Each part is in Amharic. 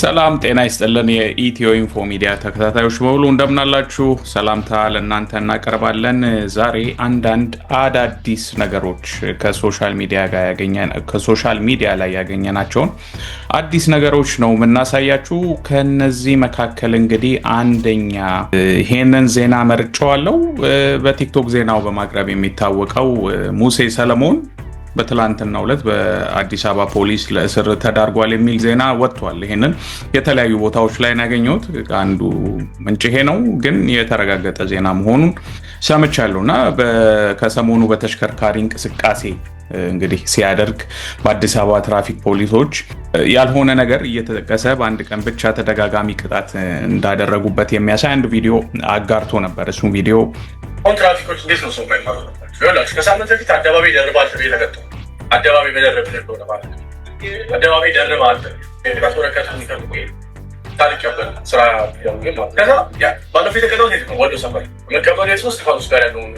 ሰላም ጤና ይስጥልን። የኢትዮ ኢንፎ ሚዲያ ተከታታዮች በሙሉ እንደምናላችሁ ሰላምታ ለእናንተ እናቀርባለን። ዛሬ አንዳንድ አዳዲስ ነገሮች ከሶሻል ሚዲያ ጋር ያገኘን ከሶሻል ሚዲያ ላይ ያገኘናቸውን አዲስ ነገሮች ነው የምናሳያችሁ። ከነዚህ መካከል እንግዲህ አንደኛ ይሄንን ዜና መርጫዋለው። በቲክቶክ ዜናው በማቅረብ የሚታወቀው ሙሴ ሰለሞን በትላንትናው ዕለት በአዲስ አበባ ፖሊስ ለእስር ተዳርጓል የሚል ዜና ወጥቷል። ይህንን የተለያዩ ቦታዎች ላይ ያገኘሁት አንዱ ምንጭ ይሄ ነው፣ ግን የተረጋገጠ ዜና መሆኑን ሰምቻለሁ እና ከሰሞኑ በተሽከርካሪ እንቅስቃሴ እንግዲህ ሲያደርግ በአዲስ አበባ ትራፊክ ፖሊሶች ያልሆነ ነገር እየተጠቀሰ በአንድ ቀን ብቻ ተደጋጋሚ ቅጣት እንዳደረጉበት የሚያሳይ አንድ ቪዲዮ አጋርቶ ነበር። እሱም ቪዲዮ አሁን ትራፊኮች እንዴት ነው ሰው ማይማሩ ከሳምንት በፊት አደባባይ ደርባ አደባባይ መደረብ ማለት ነው። አደባባይ ደርባ አለ ስራ ከዛ ጋር ያለውን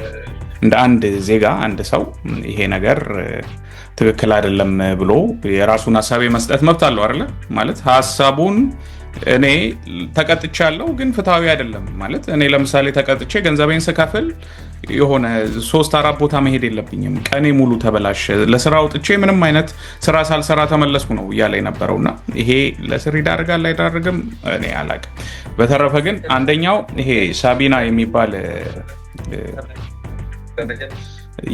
እንደ አንድ ዜጋ አንድ ሰው ይሄ ነገር ትክክል አይደለም ብሎ የራሱን ሀሳብ የመስጠት መብት አለው አይደለ? ማለት ሀሳቡን እኔ ተቀጥቻለሁ ግን ፍትሐዊ አይደለም ማለት እኔ ለምሳሌ ተቀጥቼ ገንዘቤን ስከፍል የሆነ ሶስት አራት ቦታ መሄድ የለብኝም፣ ቀኔ ሙሉ ተበላሸ፣ ለስራ ውጥቼ ምንም አይነት ስራ ሳልሰራ ተመለስኩ ነው እያለ የነበረውና ይሄ ለስር ይዳርጋል ላይዳርግም እኔ አላቅም። በተረፈ ግን አንደኛው ይሄ ሳቢና የሚባል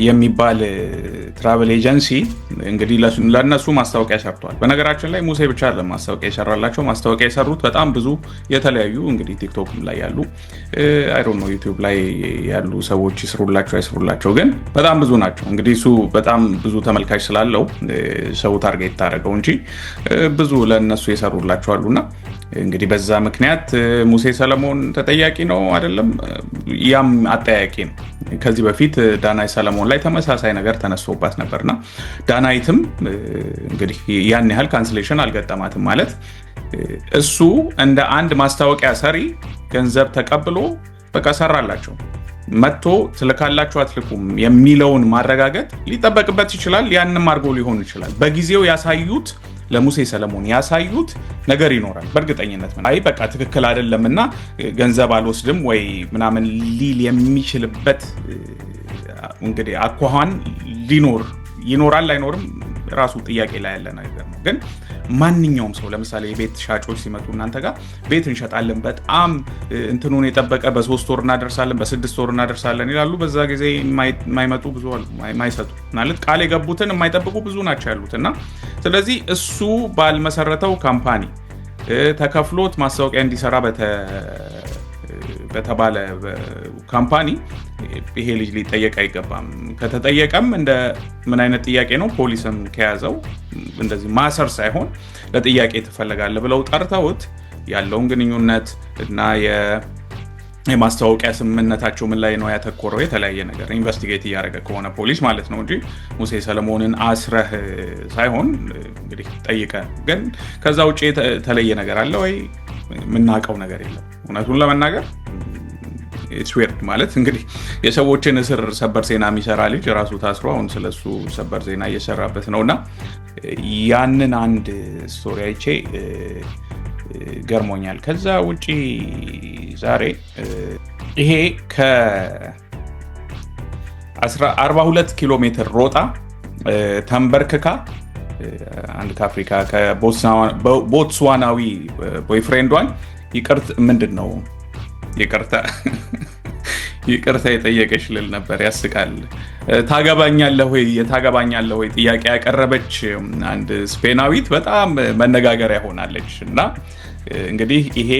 የሚባል ትራቨል ኤጀንሲ እንግዲህ ለእነሱ ማስታወቂያ ሰርቷል። በነገራችን ላይ ሙሴ ብቻ ለ ማስታወቂያ የሰራላቸው ማስታወቂያ የሰሩት በጣም ብዙ የተለያዩ እንግዲህ ቲክቶክም ላይ ያሉ አይ ዶንት ዩቲዩብ ላይ ያሉ ሰዎች ይስሩላቸው አይስሩላቸው፣ ግን በጣም ብዙ ናቸው። እንግዲህ እሱ በጣም ብዙ ተመልካች ስላለው ሰው ታርጌት ታደረገው እንጂ ብዙ ለእነሱ የሰሩላቸው አሉና እንግዲህ በዛ ምክንያት ሙሴ ሰለሞን ተጠያቂ ነው አይደለም፣ ያም አጠያቂ ነው። ከዚህ በፊት ዳናይ ሰለሞን ላይ ተመሳሳይ ነገር ተነስቶባት ነበርና ዳናይትም እንግዲህ ያን ያህል ካንስሌሽን አልገጠማትም ማለት እሱ እንደ አንድ ማስታወቂያ ሰሪ ገንዘብ ተቀብሎ በቃ ሰራላቸው መጥቶ ትልካላችሁ አትልኩም የሚለውን ማረጋገጥ ሊጠበቅበት ይችላል። ያንም አድርጎ ሊሆን ይችላል። በጊዜው ያሳዩት ለሙሴ ሰለሞን ያሳዩት ነገር ይኖራል። በእርግጠኝነት አይ በቃ ትክክል አይደለም እና ገንዘብ አልወስድም ወይ ምናምን ሊል የሚችልበት እንግዲህ አኳኋን ሊኖር ይኖራል አይኖርም ራሱ ጥያቄ ላይ ያለ ነገር ነው። ግን ማንኛውም ሰው ለምሳሌ የቤት ሻጮች ሲመጡ እናንተ ጋር ቤት እንሸጣለን በጣም እንትኑን የጠበቀ በሶስት ወር እናደርሳለን፣ በስድስት ወር እናደርሳለን ይላሉ። በዛ ጊዜ የማይመጡ ብዙ አሉ፣ የማይሰጡ ማለት ቃል የገቡትን የማይጠብቁ ብዙ ናቸው ያሉት እና ስለዚህ እሱ ባልመሰረተው ካምፓኒ ተከፍሎት ማስታወቂያ እንዲሰራ በተባለ ካምፓኒ ይሄ ልጅ ሊጠየቅ አይገባም። ከተጠየቀም እንደ ምን አይነት ጥያቄ ነው? ፖሊስም ከያዘው እንደዚህ ማሰር ሳይሆን ለጥያቄ ትፈለጋለህ ብለው ጠርተውት ያለውን ግንኙነት እና የማስታወቂያ ስምምነታቸው ምን ላይ ነው ያተኮረው፣ የተለያየ ነገር ኢንቨስቲጌት እያደረገ ከሆነ ፖሊስ ማለት ነው እንጂ ሙሴ ሰለሞንን አስረህ ሳይሆን እንግዲህ ጠይቀ። ግን ከዛ ውጭ የተለየ ነገር አለ ወይ? የምናውቀው ነገር የለም። እውነቱን ለመናገር ስዌርድ ማለት እንግዲህ የሰዎችን እስር ሰበር ዜና የሚሰራ ልጅ ራሱ ታስሮ አሁን ስለሱ ሰበር ዜና እየሰራበት ነው እና ያንን አንድ ስቶሪ አይቼ ገርሞኛል። ከዛ ውጪ ዛሬ ይሄ ከ42 ኪሎ ሜትር ሮጣ ተንበርክካ አንድ ከአፍሪካ ከቦትስዋናዊ ቦይፍሬንዷን ይቅርት ምንድን ነው ይቅርታ ይቅርታ የጠየቀች ልል ነበር። ያስቃል። ታገባኛለ ወይ ወይ ጥያቄ ያቀረበች አንድ ስፔናዊት በጣም መነጋገሪያ ሆናለች እና እንግዲህ ይሄ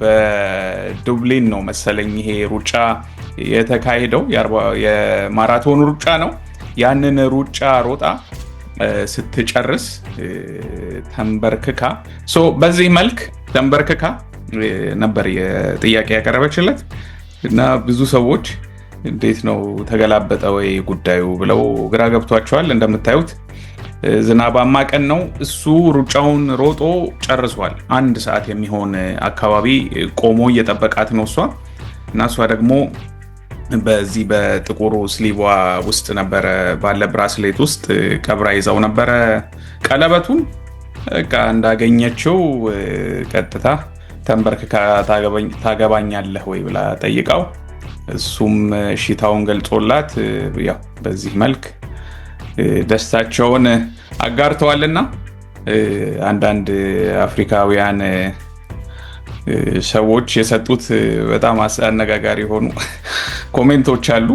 በዱብሊን ነው መሰለኝ ይሄ ሩጫ የተካሄደው የማራቶን ሩጫ ነው። ያንን ሩጫ ሮጣ ስትጨርስ ተንበርክካ በዚህ መልክ ተንበርክካ ነበር ጥያቄ ያቀረበችለት እና ብዙ ሰዎች እንዴት ነው ተገላበጠ ወይ ጉዳዩ ብለው ግራ ገብቷቸዋል። እንደምታዩት ዝናባማ ቀን ነው። እሱ ሩጫውን ሮጦ ጨርሷል። አንድ ሰዓት የሚሆን አካባቢ ቆሞ እየጠበቃት ነው እሷ እና እሷ ደግሞ በዚህ በጥቁሩ ስሊቧ ውስጥ ነበረ ባለ ብራስሌት ውስጥ ቀብራ ይዘው ነበረ ቀለበቱን በቃ እንዳገኘችው ቀጥታ ተንበርክካ ታገባኛለህ ወይ ብላ ጠይቃው እሱም ሽታውን ገልጾላት ያው በዚህ መልክ ደስታቸውን አጋርተዋልና አንዳንድ አፍሪካውያን ሰዎች የሰጡት በጣም አነጋጋሪ የሆኑ ኮሜንቶች አሉ።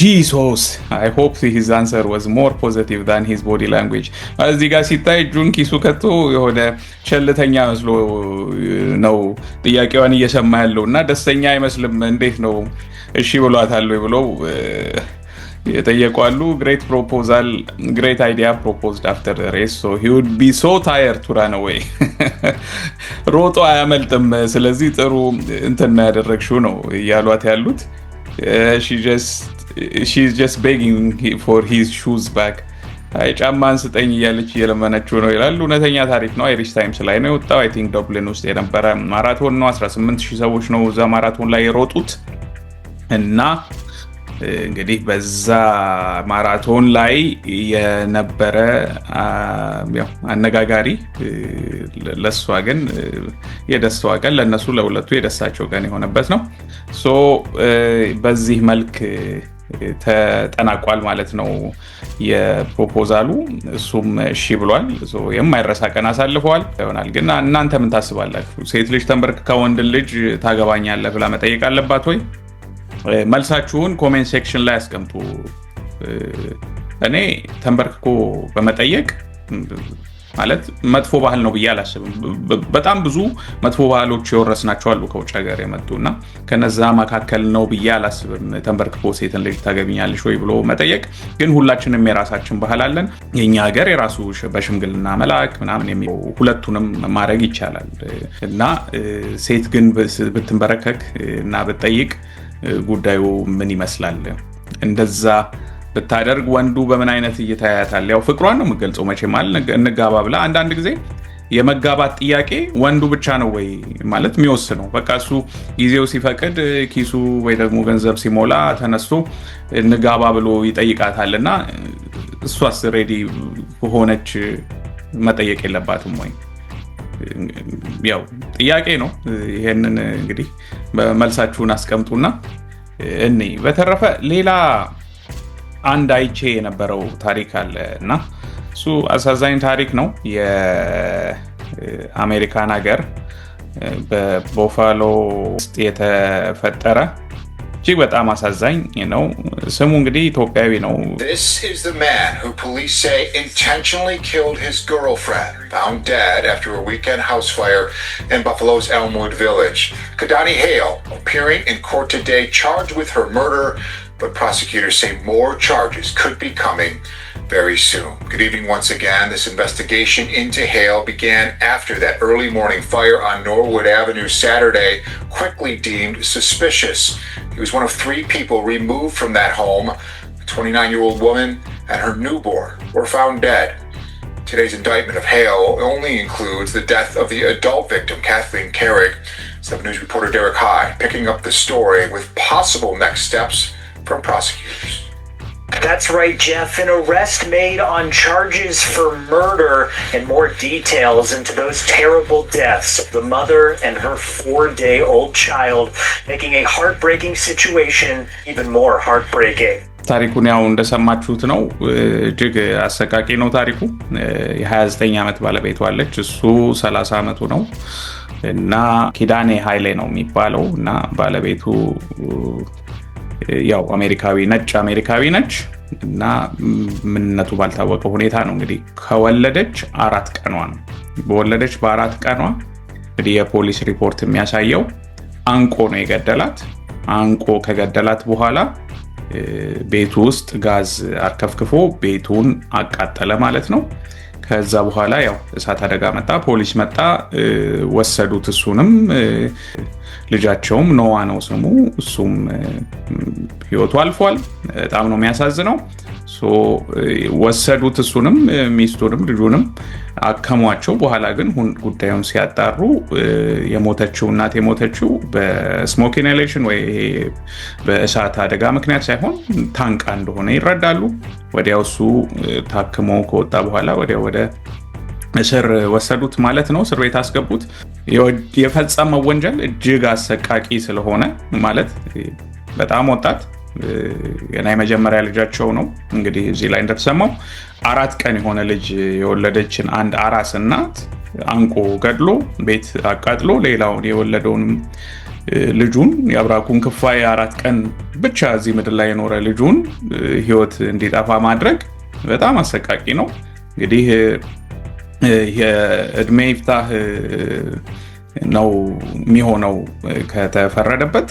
ጂሶስ አይ ሆፕ ሂዝ አንሰር ወዝ ሞር ፖዘቲቭ ዛን ሂዝ ቦዲ ላንጉጅ። እዚህ ጋር ሲታይ እጁን ኪሱ ከቶ የሆነ ቸልተኛ መስሎ uh, ነው ጥያቄዋን እየሰማ ያለው እና ደስተኛ አይመስልም። እንዴት ነው እሺ ብሏታል ብለው የጠየቋሉ። ግሬት ፕሮፖዛል ግሬት አይዲያ ፕሮፖዝድ አፍተር ሬስ ሶ ሂ ውድ ቢ ሶ ታየር ቱ ራን አዌይ። ሮጦ አያመልጥም። ስለዚህ ጥሩ እንትን ያደረግሽው ነው እያሏት ያሉት ሺ ጀስት ቤጊንግ ፎር ሂዝ ሹዝ ባክ ጫማን ስጠኝ እያለች እየለመነችው ነው ይላል። እውነተኛ ታሪክ ነው። አይሪሽ ታይምስ ላይ ነው የወጣው። አይ ቲንክ ዶብሊን ውስጥ የነበረ ማራቶን ነው። 18 ሺህ ሰዎች ነው እዛ ማራቶን ላይ የሮጡት እና እንግዲህ በዛ ማራቶን ላይ የነበረ አነጋጋሪ ለእሷ ግን የደስታዋ ቀን ለእነሱ ለሁለቱ የደስታቸው ቀን የሆነበት ነው። ሶ በዚህ መልክ ተጠናቋል ማለት ነው የፕሮፖዛሉ። እሱም እሺ ብሏል። የማይረሳ ቀን አሳልፈዋል ይሆናል። ግን እናንተ ምን ታስባላችሁ? ሴት ልጅ ተንበርክ ከወንድ ልጅ ታገባኛለህ ብላ መጠየቅ አለባት ወይ? መልሳችሁን ኮሜንት ሴክሽን ላይ አስቀምጡ። እኔ ተንበርክኮ በመጠየቅ ማለት መጥፎ ባህል ነው ብዬ አላስብም። በጣም ብዙ መጥፎ ባህሎች የወረስናቸው አሉ ከውጭ ሀገር የመጡ እና ከነዛ መካከል ነው ብዬ አላስብም። ተንበርክኮ ሴትን ልጅ ታገቢኛለሽ ወይ ብሎ መጠየቅ። ግን ሁላችንም የራሳችን ባህል አለን። የኛ ሀገር የራሱ በሽምግልና መላክ ምናምን ሁለቱንም ማድረግ ይቻላል እና ሴት ግን ብትንበረከክ እና ብትጠይቅ ጉዳዩ ምን ይመስላል? እንደዛ ብታደርግ ወንዱ በምን አይነት እይታ ያያታል? ያው ፍቅሯን ነው የምገልጸው መቼም አለ እንጋባ ብላ አንዳንድ ጊዜ የመጋባት ጥያቄ ወንዱ ብቻ ነው ወይ ማለት የሚወስነው በቃ እሱ ጊዜው ሲፈቅድ ኪሱ ወይ ደግሞ ገንዘብ ሲሞላ ተነስቶ እንጋባ ብሎ ይጠይቃታል እና እሷስ ሬዲ ሆነች መጠየቅ የለባትም ወይ? ያው ጥያቄ ነው። ይሄንን እንግዲህ መልሳችሁን አስቀምጡና እኔ በተረፈ ሌላ አንድ አይቼ የነበረው ታሪክ አለ እና እሱ አሳዛኝ ታሪክ ነው። የአሜሪካን ሀገር በቦፋሎ ውስጥ የተፈጠረ እጅግ በጣም አሳዛኝ ነው። ስሙ እንግዲህ ኢትዮጵያዊ ነው። ፕሮሲኪውተርስ ሴይ ሞር ቻርጅስ ኩድ ቢ ካሚንግ very soon. Good evening once again. This investigation into Hale began after that early morning fire on Norwood Avenue Saturday, quickly deemed suspicious. He was one of three people removed from that home. A 29 year old woman and her newborn were found dead. Today's indictment of Hale only includes the death of the adult victim, Kathleen Carrick. 7 News reporter Derek High picking up the story with possible next steps from prosecutors. That's right, Jeff. An arrest made on charges for murder and more details into those terrible deaths the mother and her four day old child, making a heartbreaking situation even more heartbreaking. ታሪኩን ያው እንደሰማችሁት ነው። እጅግ አሰቃቂ ነው ታሪኩ። የ29 ዓመት ባለቤቱ አለች፣ እሱ 30 ዓመቱ ነው እና ኪዳኔ ኃይሌ ነው የሚባለው እና ባለቤቱ ያው አሜሪካዊ ነጭ አሜሪካዊ ነች እና ምንነቱ ባልታወቀ ሁኔታ ነው እንግዲህ ከወለደች አራት ቀኗ ነው። በወለደች በአራት ቀኗ እንግዲህ የፖሊስ ሪፖርት የሚያሳየው አንቆ ነው የገደላት። አንቆ ከገደላት በኋላ ቤቱ ውስጥ ጋዝ አርከፍክፎ ቤቱን አቃጠለ ማለት ነው። ከዛ በኋላ ያው እሳት አደጋ መጣ፣ ፖሊስ መጣ፣ ወሰዱት እሱንም ልጃቸውም ኖዋ ነው ስሙ። እሱም ህይወቱ አልፏል። በጣም ነው የሚያሳዝነው። ወሰዱት እሱንም ሚስቱንም ልጁንም አከሟቸው። በኋላ ግን ጉዳዩን ሲያጣሩ የሞተችው እናት የሞተችው በስሞክ ኢንሃሌሽን ወይ በእሳት አደጋ ምክንያት ሳይሆን ታንቃ እንደሆነ ይረዳሉ። ወዲያው እሱ ታክሞ ከወጣ በኋላ ወዲያው ወደ እስር ወሰዱት ማለት ነው። እስር ቤት አስገቡት። የፈጸመው ወንጀል እጅግ አሰቃቂ ስለሆነ ማለት በጣም ወጣት ገና የመጀመሪያ ልጃቸው ነው። እንግዲህ እዚህ ላይ እንደተሰማው አራት ቀን የሆነ ልጅ የወለደችን አንድ አራስ እናት አንቆ ገድሎ ቤት አቃጥሎ ሌላውን የወለደውንም ልጁን የአብራኩን ክፋይ አራት ቀን ብቻ እዚህ ምድር ላይ የኖረ ልጁን ሕይወት እንዲጠፋ ማድረግ በጣም አሰቃቂ ነው እንግዲህ የእድሜ ይፍታህ ነው የሚሆነው ከተፈረደበት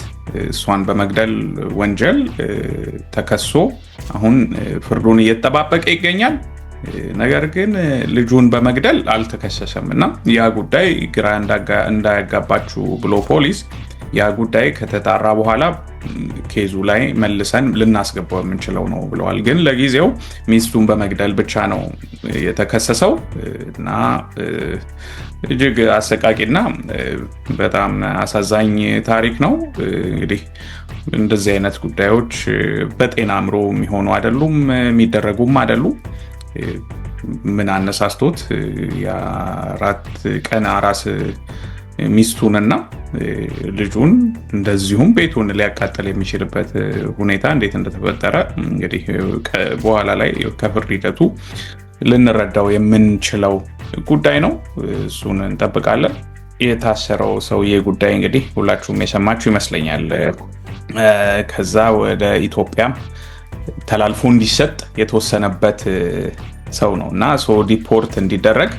እሷን በመግደል ወንጀል ተከሶ አሁን ፍርዱን እየተጠባበቀ ይገኛል። ነገር ግን ልጁን በመግደል አልተከሰሰም እና ያ ጉዳይ ግራ እንዳያጋባችሁ ብሎ ፖሊስ ያ ጉዳይ ከተጣራ በኋላ ኬዙ ላይ መልሰን ልናስገባው የምንችለው ነው ብለዋል። ግን ለጊዜው ሚስቱን በመግደል ብቻ ነው የተከሰሰው እና እጅግ አሰቃቂና በጣም አሳዛኝ ታሪክ ነው። እንግዲህ እንደዚህ አይነት ጉዳዮች በጤና አእምሮ የሚሆኑ አይደሉም፣ የሚደረጉም አይደሉም። ምን አነሳስቶት የአራት ቀን አራስ ሚስቱንና ልጁን እንደዚሁም ቤቱን ሊያቃጥል የሚችልበት ሁኔታ እንዴት እንደተፈጠረ እንግዲህ በኋላ ላይ ከፍርድ ሂደቱ ልንረዳው የምንችለው ጉዳይ ነው። እሱን እንጠብቃለን። የታሰረው ሰውዬ ጉዳይ እንግዲህ ሁላችሁም የሰማችሁ ይመስለኛል። ከዛ ወደ ኢትዮጵያ ተላልፎ እንዲሰጥ የተወሰነበት ሰው ነው እና ሶ ዲፖርት እንዲደረግ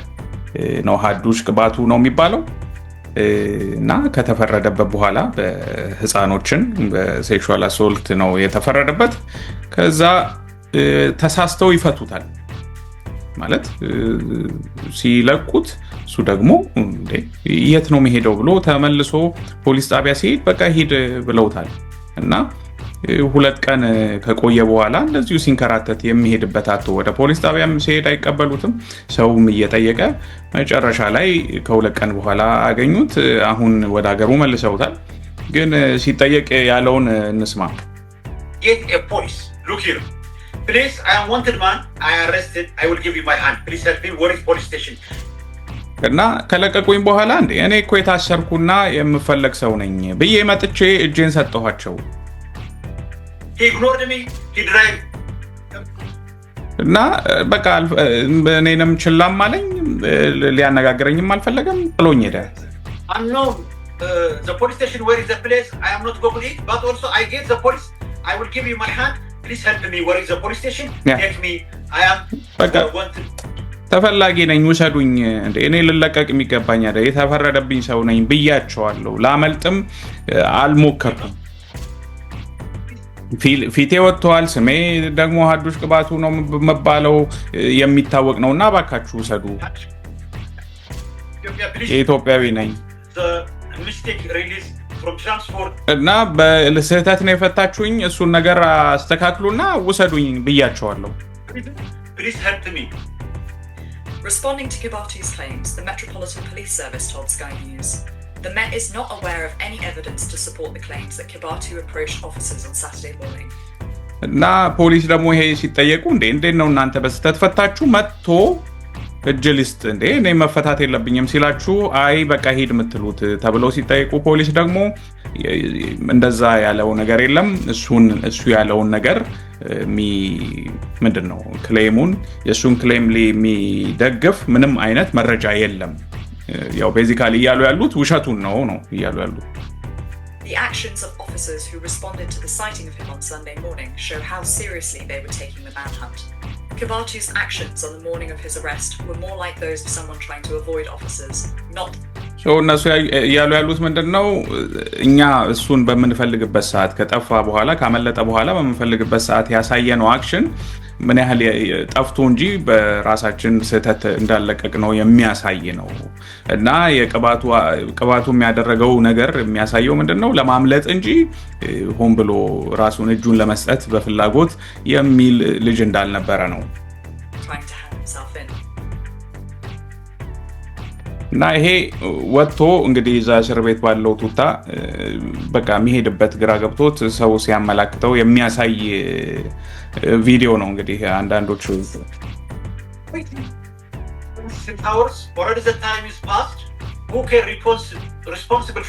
ነው። ሀዱሽ ቅባቱ ነው የሚባለው እና ከተፈረደበት በኋላ በህፃኖችን በሴክሹዋል አሶልት ነው የተፈረደበት። ከዛ ተሳስተው ይፈቱታል ማለት ሲለቁት እሱ ደግሞ የት ነው መሄደው ብሎ ተመልሶ ፖሊስ ጣቢያ ሲሄድ በቃ ሂድ ብለውታል እና ሁለት ቀን ከቆየ በኋላ እንደዚሁ ሲንከራተት የሚሄድበት አቶ ወደ ፖሊስ ጣቢያም ሲሄድ አይቀበሉትም። ሰውም እየጠየቀ መጨረሻ ላይ ከሁለት ቀን በኋላ አገኙት። አሁን ወደ ሀገሩ መልሰውታል። ግን ሲጠየቅ ያለውን እንስማ። እና ከለቀቁኝ በኋላ እኔ እኮ የታሰርኩና የምፈለግ ሰው ነኝ ብዬ መጥቼ እጄን ሰጠኋቸው እና eh, በቃ eh, እኔንም ችላም አለኝ፣ eh, ሊያነጋግረኝም አልፈለገም፣ ጥሎኝ ሄደ። ተፈላጊ ነኝ፣ ውሰዱኝ። እኔ ልለቀቅ የሚገባኝ የተፈረደብኝ ሰው ነኝ ብያቸዋለሁ። ላመልጥም አልሞከርኩም። ፊቴ ወጥተዋል። ስሜ ደግሞ ሀዱሽ ቅባቱ ነው መባለው የሚታወቅ ነው። እና እባካችሁ ውሰዱ፣ የኢትዮጵያዊ ነኝ እና በስህተት ነው የፈታችሁኝ። እሱን ነገር አስተካክሉና ውሰዱኝ ብያቸዋለሁ። Responding to Kibati's claims, the Metropolitan Police Service told Sky News. The Met is not aware of any evidence to support the claims that Kibatu approached officers on Saturday morning. እና ፖሊስ ደግሞ ይሄ ሲጠየቁ እንዴ እንዴት ነው እናንተ በስተት ፈታችሁ መጥቶ እጅ ልስጥ እንዴ እኔ መፈታት የለብኝም ሲላችሁ አይ በቃ ሂድ የምትሉት ተብለው ሲጠየቁ ፖሊስ ደግሞ እንደዛ ያለው ነገር የለም እሱን እሱ ያለውን ነገር ምንድን ነው ክሌሙን የእሱን ክሌም የሚደግፍ ምንም አይነት መረጃ የለም ያው ቤዚካሊ እያሉ ያሉት ውሸቱን ነው ነው እያሉ ያሉት። The actions of officers who responded to the sighting of him on Sunday morning show how seriously they were taking the manhunt. Kibatu's actions on the morning of his arrest were more like those of someone trying to avoid officers, not እነሱ እያሉ ያሉት ምንድን ነው? እኛ እሱን በምንፈልግበት ሰዓት ከጠፋ በኋላ ካመለጠ በኋላ በምንፈልግበት ሰዓት ያሳየነው አክሽን ምን ያህል ጠፍቶ እንጂ በራሳችን ስህተት እንዳለቀቅ ነው የሚያሳይ ነው እና ቅባቱ የሚያደረገው ነገር የሚያሳየው ምንድን ነው? ለማምለጥ እንጂ ሆን ብሎ ራሱን እጁን ለመስጠት በፍላጎት የሚል ልጅ እንዳልነበረ ነው። እና ይሄ ወጥቶ እንግዲህ እዛ እስር ቤት ባለው ቱታ በቃ የሚሄድበት ግራ ገብቶት ሰው ሲያመላክተው የሚያሳይ ቪዲዮ ነው። እንግዲህ አንዳንዶቹ ሪስፖንሲብል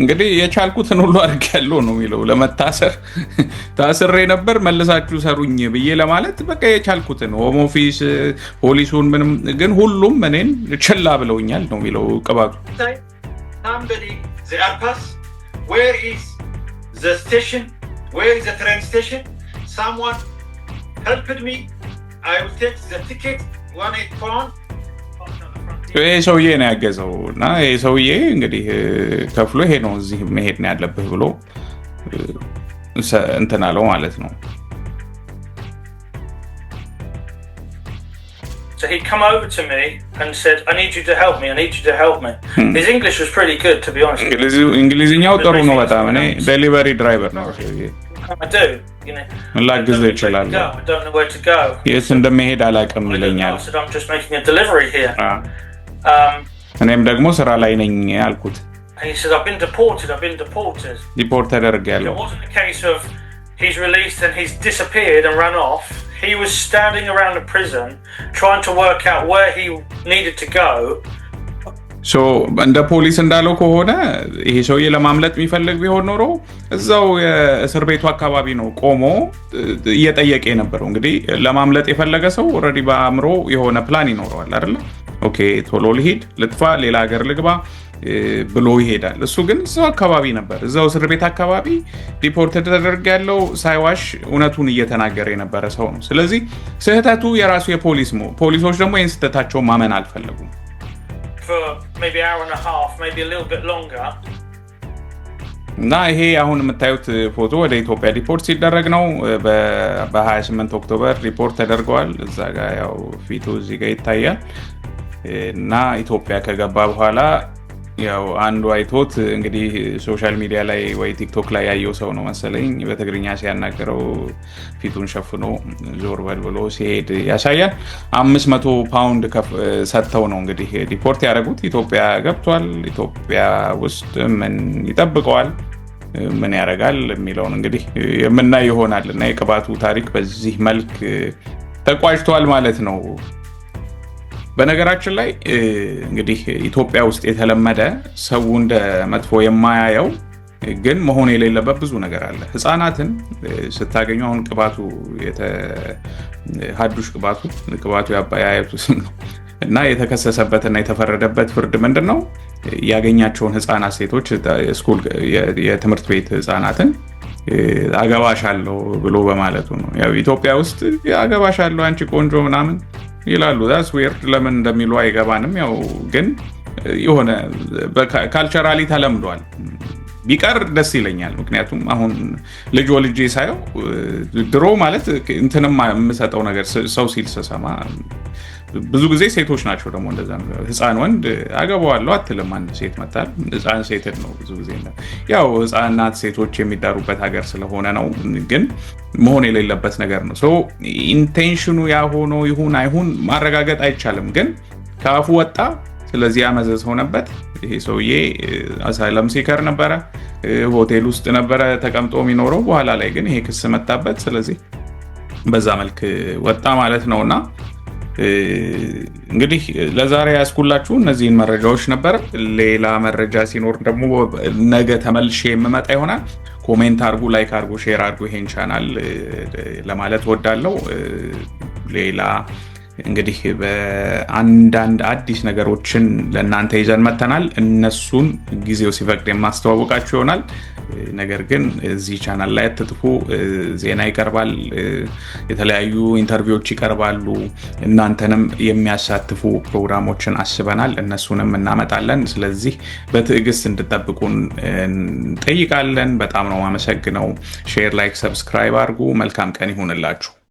እንግዲህ የቻልኩትን ሁሉ አድርጌያለሁ ነው የሚለው። ለመታሰር ታስሬ ነበር መልሳችሁ ሰሩኝ ብዬ ለማለት በቃ የቻልኩትን ሆም ኦፊስ፣ ፖሊሱን፣ ምንም ግን ሁሉም እኔን ችላ ብለውኛል ነው የሚለው ቅባቱ። ይህ ሰውዬ ነው ያገዘው እና ይሄ ሰውዬ እንግዲህ ከፍሎ ይሄ ነው እዚህ መሄድ ነው ያለብህ ብሎ እንትናለው ማለት ነው። So he come over to me and said, "I need you to help me. I need you to help me." Hmm. His English was pretty good, to be honest. እንግሊዝኛው ጥሩ ነው በጣም። እኔ ዴሊቨሪ ድራይቨር ነው። ላግዘው ይችላል። የት እንደመሄድ አላውቅም ይለኛል። Um, እኔም ደግሞ ስራ ላይ ነኝ አልኩት። ዲፖርት ተደርግ ያለው እንደ ፖሊስ እንዳለው ከሆነ ይሄ ሰውዬ ለማምለጥ የሚፈልግ ቢሆን ኖሮ እዛው የእስር ቤቱ አካባቢ ነው ቆሞ እየጠየቀ የነበረው። እንግዲህ ለማምለጥ የፈለገ ሰው ኦልሬዲ በአእምሮ የሆነ ፕላን ይኖረዋል አይደለም? ኦኬ ቶሎ ልሂድ፣ ልጥፋ፣ ሌላ ሀገር ልግባ ብሎ ይሄዳል። እሱ ግን እዛው አካባቢ ነበር፣ እዛው እስር ቤት አካባቢ ሪፖርት ተደርግ ያለው ሳይዋሽ እውነቱን እየተናገረ የነበረ ሰው ነው። ስለዚህ ስህተቱ የራሱ የፖሊስ ነው። ፖሊሶች ደግሞ ይህን ስህተታቸውን ማመን አልፈለጉም። እና ይሄ አሁን የምታዩት ፎቶ ወደ ኢትዮጵያ ሪፖርት ሲደረግ ነው። በ28 ኦክቶበር ሪፖርት ተደርገዋል። እዛ ጋ ያው ፊቱ እዚህ ጋ ይታያል። እና ኢትዮጵያ ከገባ በኋላ ያው አንዱ አይቶት እንግዲህ ሶሻል ሚዲያ ላይ ወይ ቲክቶክ ላይ ያየው ሰው ነው መሰለኝ በትግርኛ ሲያናገረው ፊቱን ሸፍኖ ዞር በል ብሎ ሲሄድ ያሳያል። አምስት መቶ ፓውንድ ሰጥተው ነው እንግዲህ ዲፖርት ያደረጉት። ኢትዮጵያ ገብቷል። ኢትዮጵያ ውስጥ ምን ይጠብቀዋል፣ ምን ያደርጋል የሚለውን እንግዲህ የምናይ ይሆናል እና የቅባቱ ታሪክ በዚህ መልክ ተቋጭቷል ማለት ነው። በነገራችን ላይ እንግዲህ ኢትዮጵያ ውስጥ የተለመደ ሰው እንደ መጥፎ የማያየው ግን መሆን የሌለበት ብዙ ነገር አለ። ህፃናትን ስታገኙ አሁን ቅባቱ ሀዱሽ ቅባቱ ቅባቱ ያባያየቱ እና የተከሰሰበትና የተፈረደበት ፍርድ ምንድን ነው? ያገኛቸውን ህፃናት ሴቶች ስኩል የትምህርት ቤት ህፃናትን አለው ብሎ በማለቱ ነው። ያው ኢትዮጵያ ውስጥ አለው አንቺ ቆንጆ ምናምን ይላሉ። ዳስ ዌርድ ለምን እንደሚሉ አይገባንም። ያው ግን የሆነ ካልቸራሊ ተለምዷል። ቢቀር ደስ ይለኛል። ምክንያቱም አሁን ልጅ ወልጄ ሳየው ድሮ ማለት እንትንም የምሰጠው ነገር ሰው ሲል ስሰማ ብዙ ጊዜ ሴቶች ናቸው ደግሞ እንደዛ ህፃን ወንድ አገባዋለሁ አትልም። አንድ ሴት መታል ህፃን ሴትን ነው ብዙ ጊዜ ያው ህፃናት ሴቶች የሚዳሩበት ሀገር ስለሆነ ነው፣ ግን መሆን የሌለበት ነገር ነው። ሶ ኢንቴንሽኑ ያ ሆኖ ይሁን አይሁን ማረጋገጥ አይቻልም፣ ግን ከአፉ ወጣ። ስለዚህ አመዘዝ ሆነበት። ይሄ ሰውዬ አሳይለም ሲከር ነበረ፣ ሆቴል ውስጥ ነበረ ተቀምጦ የሚኖረው። በኋላ ላይ ግን ይሄ ክስ መጣበት። ስለዚህ በዛ መልክ ወጣ ማለት ነው እና እንግዲህ ለዛሬ ያስኩላችሁ እነዚህን መረጃዎች ነበር። ሌላ መረጃ ሲኖር ደግሞ ነገ ተመልሼ የምመጣ ይሆናል። ኮሜንት አርጉ፣ ላይክ አርጉ፣ ሼር አርጉ ይሄን ቻናል ለማለት ወዳለው ሌላ እንግዲህ በአንዳንድ አዲስ ነገሮችን ለእናንተ ይዘን መተናል። እነሱን ጊዜው ሲፈቅድ የማስተዋወቃችሁ ይሆናል። ነገር ግን እዚህ ቻናል ላይ አትጥፉ። ዜና ይቀርባል፣ የተለያዩ ኢንተርቪዎች ይቀርባሉ። እናንተንም የሚያሳትፉ ፕሮግራሞችን አስበናል፣ እነሱንም እናመጣለን። ስለዚህ በትዕግስት እንድጠብቁን እንጠይቃለን። በጣም ነው ማመሰግነው። ሼር፣ ላይክ፣ ሰብስክራይብ አድርጉ። መልካም ቀን ይሁንላችሁ።